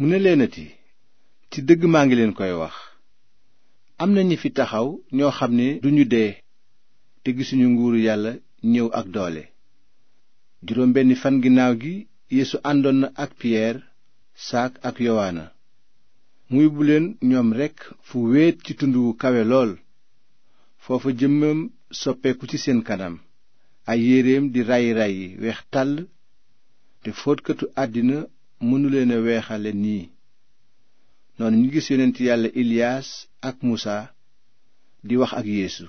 mu ne leenati ci dëgg maa ngi leen koy wax am na ñi fi taxaw ñoo xam ne duñu dee te gisuñu nguuru yàlla ñëw ak doole juróom benni fan ginnaaw gi yeesu àndoon na ak piyeer saak ak yowaana mu yóbbu leen ñoom rekk fu wéet ci tund wu kawe lool foofa jëmmam soppeeku ci seen kanam ay yéreem di ràyyi ràyyi weex tàll te fóotkatu àddina mënuleen a weexale nii noonu ñu gis yonent yàlla iliyaas ak musa di wax ak yéesu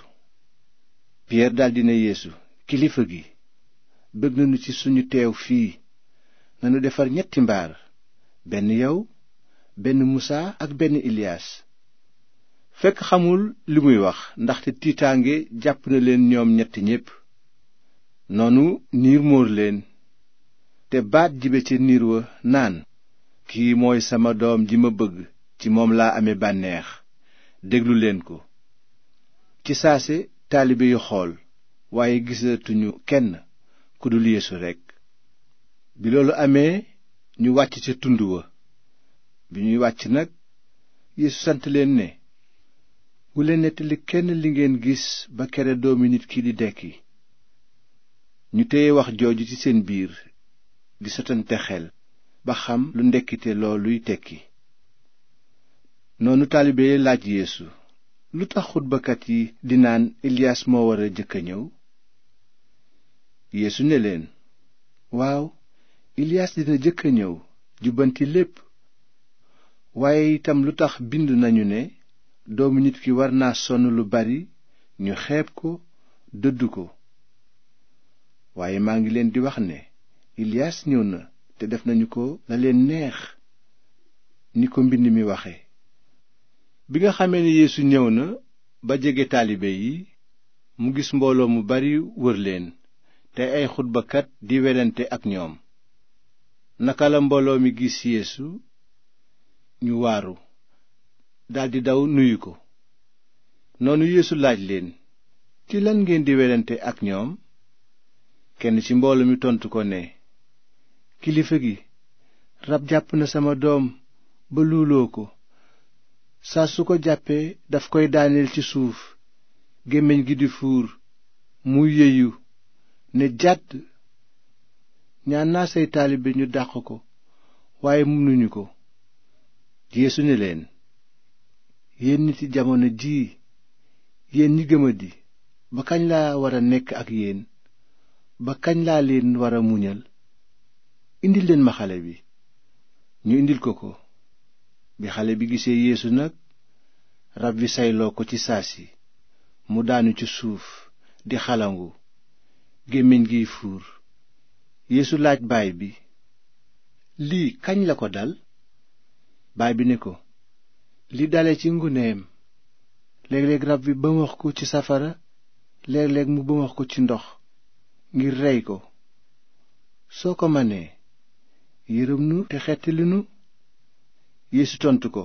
piyeer daldi na yéesu kilifa gi bëgg nañu ci suñu teew fii nanu defar ñetti mbaar benn yow benn musa ak benn iliyaas fekk xamul li muy wax ndaxte tiitaange jàpp na leen ñoom ñetti ñépp noonu niir móor leen te baat jibe ca niir wa naan kii mooy sama doom ji ma bëgg ci moom laa ame bànneex déglu leen ko ci saase taalibe yu xool waaye gisatuñu kenn ku dul yeesu rekk bi loolu amee ñu wàcc ca tund wa bi ñuy wàcc nag yeesu sant leen ne bu leen nettali kenn li ngeen gis ba kere doomi nit ki di dekki ñu téye wax jooju ci seen biir di ba xam lu ndekkite looluy tekki noonu taalibe laaj yéesu lu tax xutbakat yi di naan Ilias moo war jëkk ñëw yeesu ne leen waaw Ilias dina jëkk a ñëw jubbanti lépp waaye itam lu tax bind nañu ne doomu nit ki war naa sonn lu bari ñu xeeb ko dëdd ko waaye maa ngi leen di wax ne Ilias ñëw na te def nañu ko la leen neex ni ko mbind mi waxe bi nga xamee ne Yeesu ñëw na ba jege taalibe yi mu gis mbooloo mu bari wër leen te ay xutbakat di werante ak ñoom naka la mbooloo mi gis yéesu ñu waaru daldi daw nuyu ko noonu yéesu laaj leen ci lan ngeen di werante ak ñoom kenn ci mbooloo mi tontu ko ne kilifa gi rab jàpp na sama doom ba luuloo ko saa su ko jàppee daf koy daaneel ci suuf gémmiñ gi di fuur mu yeyu ne jàdd ñaan naa say taalibe ñu dàq ko waaye mënuñu ko Yeesu ne leen yéen ci yi jamono jii yéen ñi gëmadi ba kañ laa war a nekk ak yéen ba kañ laa leen war a muñal indil leen ma xale bi ñu indil ko ko bi xale bi gisee yéesu nag rab wi sayloo ko ci saasi mu daanu ci suuf di xalangu gémmiñ giy fuur yéesu laaj baay bi lii kañ la ko dal baay bi ne ko li dale ci nguneem léeg-léeg rab bi bëmax ko ci safara léeg-léeg mu bëmax ko ci ndox ngir rey ko soo ko manee yërëm nu te xettali nu tontu ko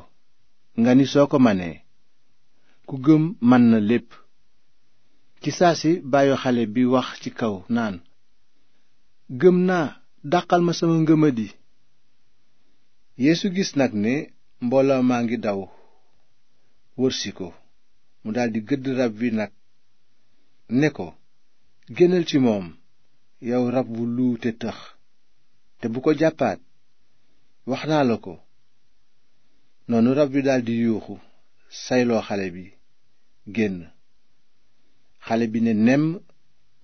nga ni soo ko manee ku gëm man na lépp ci saa si bàyyi xale bi wax ci kaw naan gëm naa dàqal ma sama ngëmadi yéesu gis nag ne mbooloo maa ngi daw wërsi ko mu daldi gëdd rab wi nag ne ko génnal ci moom yow rab wu luute tëx te bu ko jàppaat wax naa la ko noonu rab wi daldi yuuxu sayloo xale bi génn xale bi ne nemm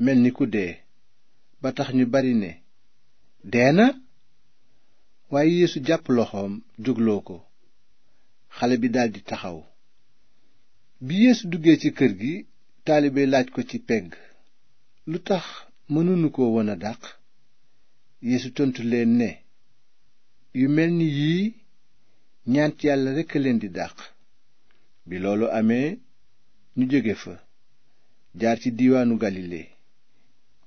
mel ni ku dee ba tax ñu bari ne dee na waaye yeesu jàpp loxoom jógloo ko xale bi daldi taxaw bi yeesu duggee ci kër gi taalibe laaj ko ci pegg lu tax mënunu ko won a dàq yeesu tontu leen ne yu mel ni yii ñaant yàlla rekk a leen di dàq bi loolu amee ñu jóge fa jaar ci diiwaanu galile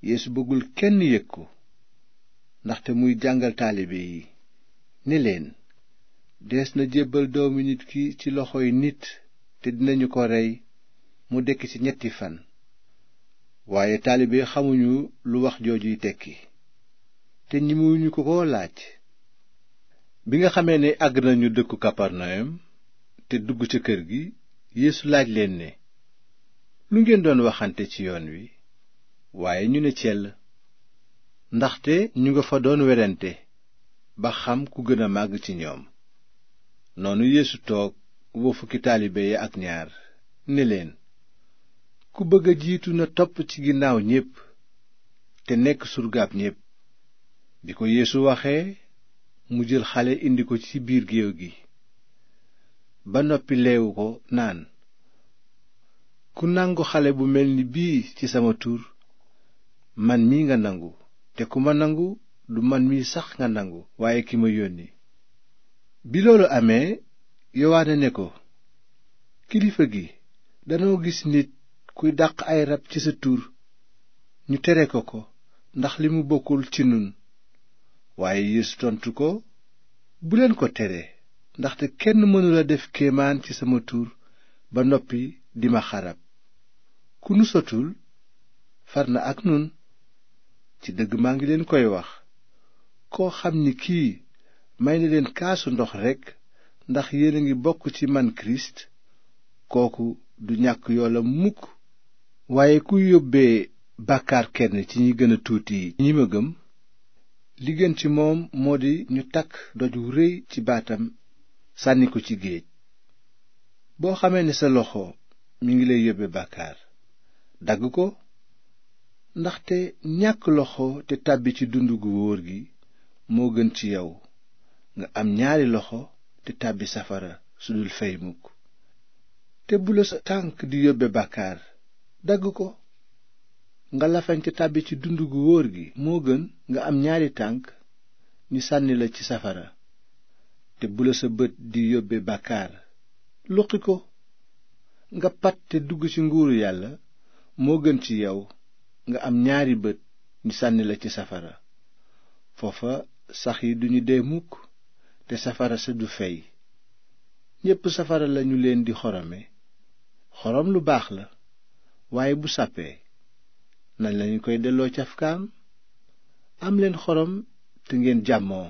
yéesu bëggul kenn yëg ko ndaxte muy jàngal taalibe yi ne leen dees na jébbal doomu nit ki ci loxoy nit te dinañu ko rey mu dekk ci ñetti fan waaye taalibe xamuñu lu wax joojuy tekki te ñemewuñu ko ko laaj bi nga xamee ne àgg nañu dëkku kaparnayom te dugg ca kër gi yéesu laaj leen ne lu ngeen doon waxante ci yoon wi waaye ñu ne cell ndaxte ñu nga fa doon werante ba xam ku gën a màgg ci ñoom noonu yéesu toog woo fukki taalibe yi ak ñaar ne leen ku bëgg a jiitu na topp ci ginnaaw ñépp te nekk surgaab ñépp bi ko yéesu waxee mu jël xale indi ko ci biir géew gi ba noppi leewu ko naan ku nangu xale bu mel ni bii ci sama tur man mi nga nangu te ku ma nangu du man mi sax nga nangu waaye ki ma yónni bi loolu amee yowaane ne ko kilifa gi danoo gis nit kuy dàq ay rab ci sa tur ñu tere ko ko ndax li mu bokkul ci nun waaye Yeesu tontu ko bu leen ko tere ndaxte kenn mënula def kéemaan ci sama tur ba noppi di ma xarab ku nu far na ak nun ci dëgg maa ngi leen koy wax koo xam ni kii may na leen kaasu ndox rekk ndax yéen a ngi bokk ci man kirist kooku du ñàkk yoolam mukk waaye ku yóbbee bàkkaar kenn ci ñi gën a tuuti ñi ma gëm li gën ci moom moo di ñu takk doj wu réy ci baatam sànni ko ci géej boo xamee ne sa loxo mi ngi lay yóbbe bàkkaar dagg ko ndaxte ñàkk loxo te tàbbi ci dund gu wóor gi moo gën ci yow nga am ñaari loxo te tàbbi safara su dul fey mukk te bu sa tànk di yóbbe bàkkaar dagg ko nga lafañ te tàbbi ci dund gu wóor gi moo gën nga am ñaari tànk ñu sànni la ci safara te bu la sa bët di yóbbe bàkkaar luqi ko nga pat te dugg ci nguuru yàlla moo gën ci yow nga am ñaari bët ñu sànni la ci safara foofa sax yi duñu dee mukk te safara sa du fey ñépp safara lañu leen di xorome xorom lu baax la waaye bu sàppee nañ ñu koy delloo cafkaam am leen xorom te ngeen jàmmoo